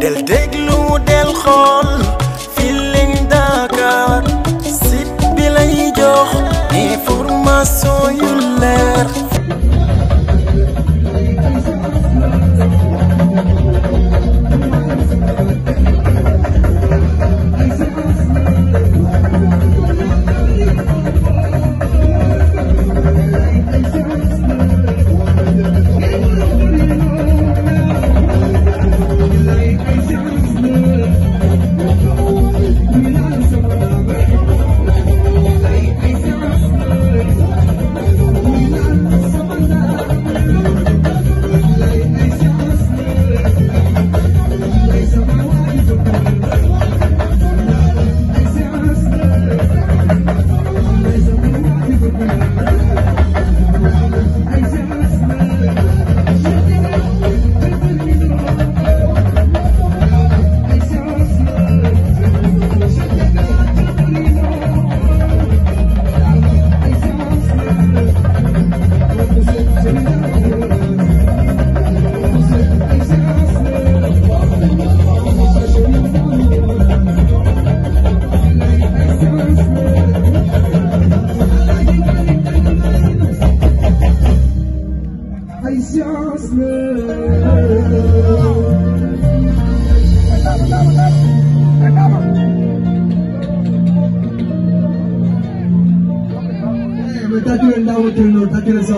del déglu del xool Feeling Dakar site bi lay jox information yu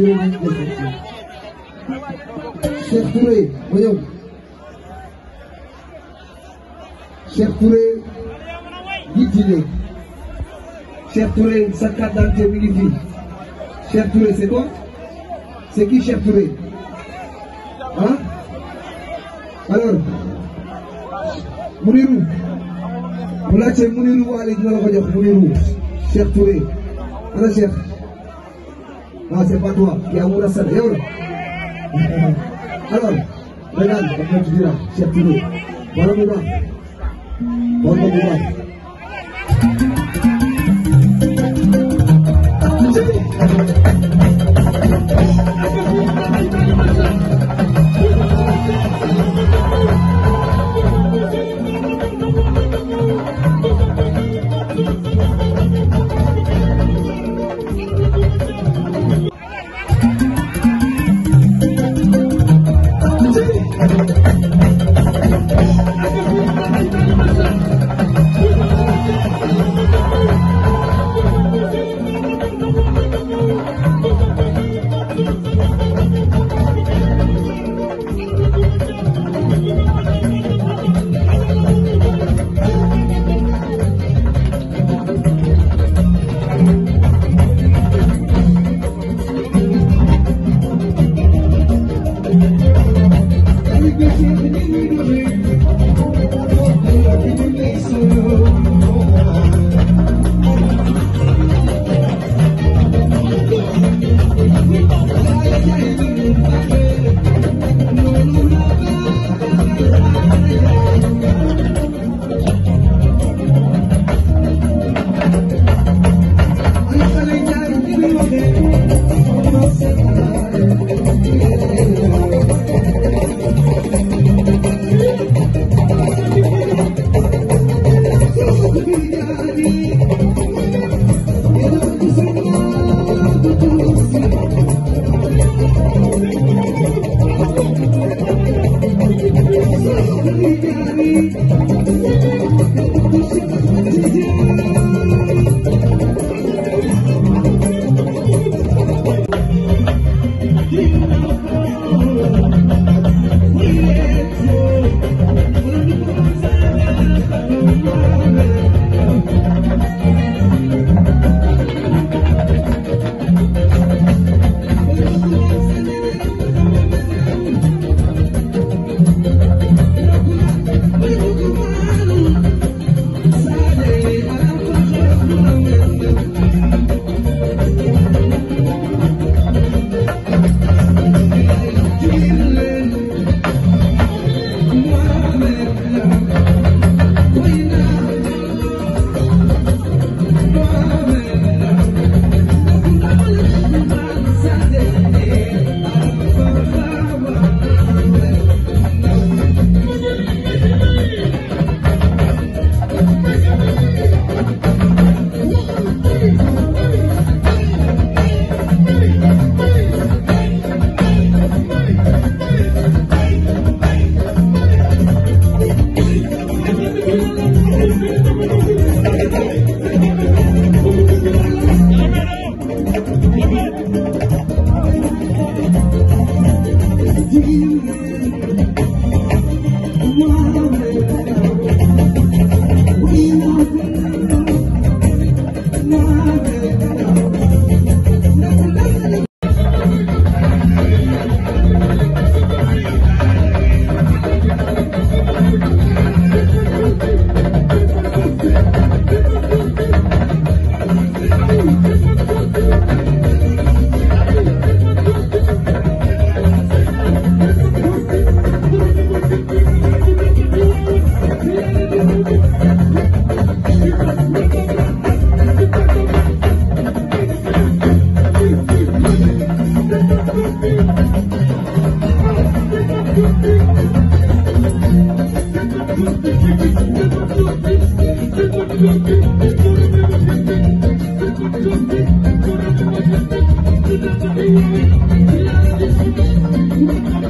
jërëjëf Cheikh Touré ma ñëw Cheikh Touré jiitu ne Cheikh Touré sa carte d'identité mi ngi fi Cheikh Touré c'est toi c'est qui Cheikh Touré ah alors Mounirou bu laajtee Mounirou waa léegi dina la ko jox Mounirou Cheikh Touré ana Cheikh. Ah, c'est pas toi. Il y a où la salle Alors, regarde, après tu diras, cher Tino. Thank you.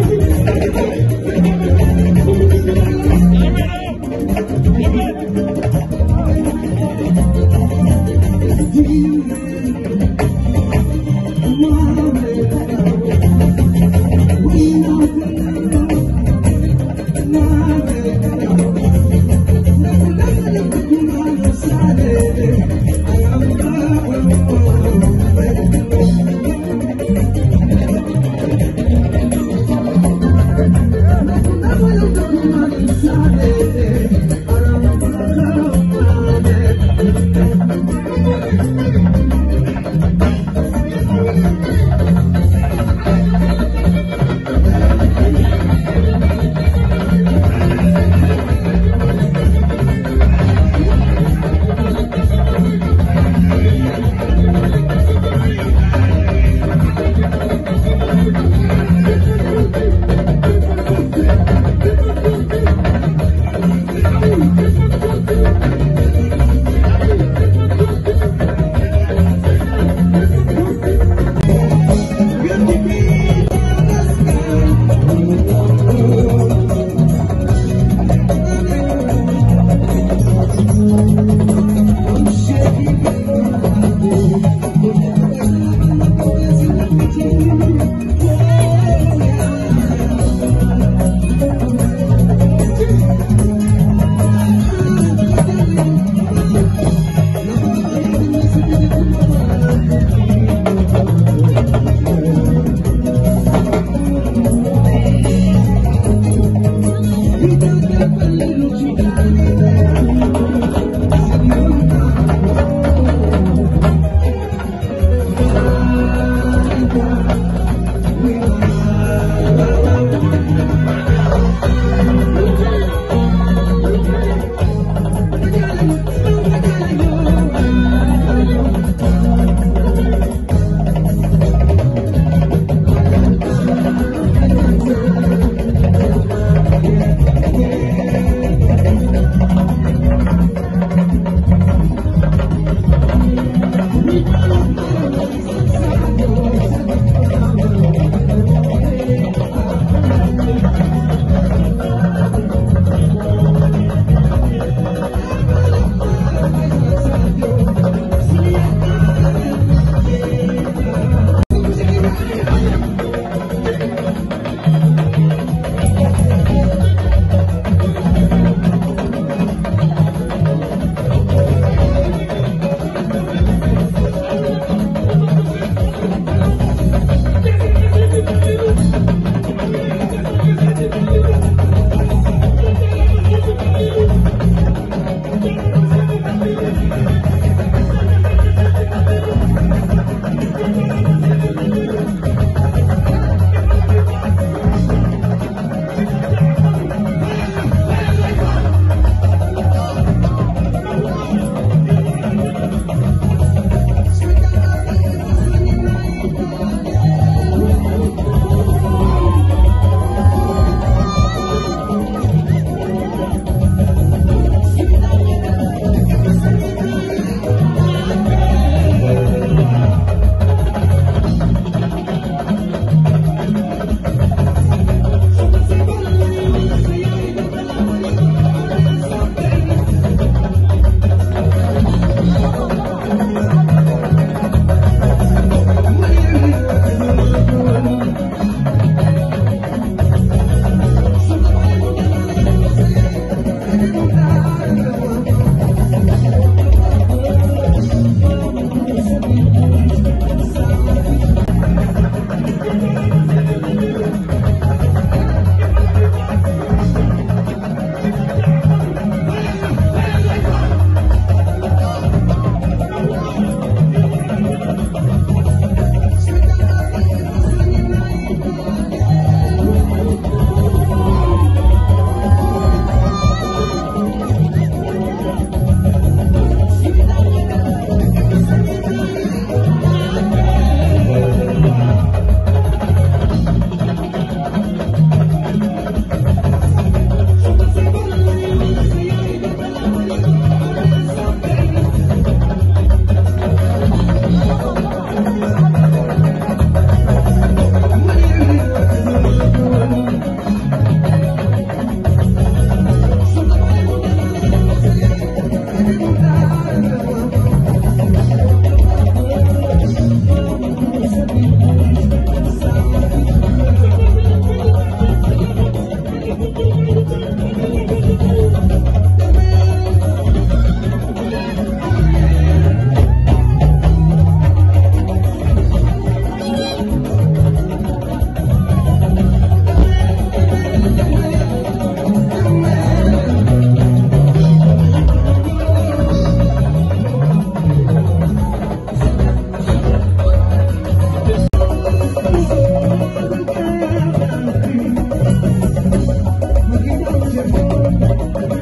Thank you.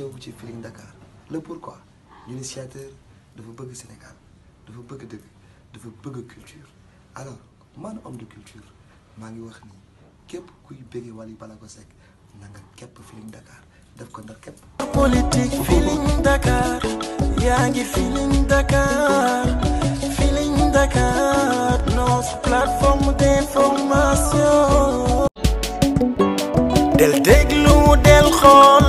show ci Feeling Dakar le pourquoi l'initiateur dafa bëgg Sénégal dafa bëgg dëgg dafa bëgg culture alors man homme de culture maa ngi wax nii képp kuy bëggee Wally Ballago ko na nga képp Feeling Dakar def ko ndax képp politique Feeling Dakar yaa ngi Feeling Dakar Feeling Dakar notre plateforme d'information del déglu del xool